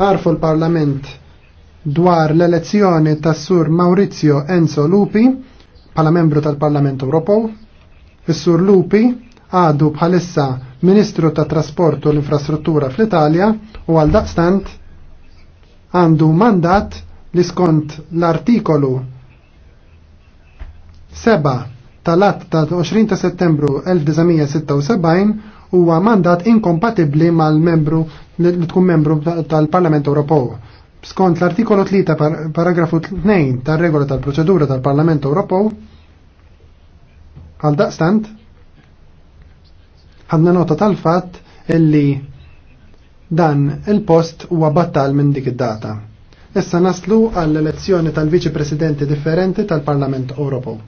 għarfu l-Parlament dwar l-elezzjoni tas sur Maurizio Enzo Lupi bħala membru tal-Parlament Ewropew. Is-sur Lupi għadu bħalissa Ministru ta' Trasport u l-Infrastruttura fl-Italja u għal daqstant għandu mandat li skont l-artikolu 7 tal-att ta' 20 ta' settembru 1976 huwa mandat inkompatibbli mal-membru li tkun membru tal-Parlament Ewropew. Skont l-artikolo 3 paragrafu 2 tal-regola tal-proċedura tal-Parlament Ewropew, għal daqstant, ħadna nota tal-fatt illi dan il-post huwa battal minn dik id-data. Issa naslu għall-elezzjoni tal-Viċi Presidenti differenti tal-Parlament Ewropew.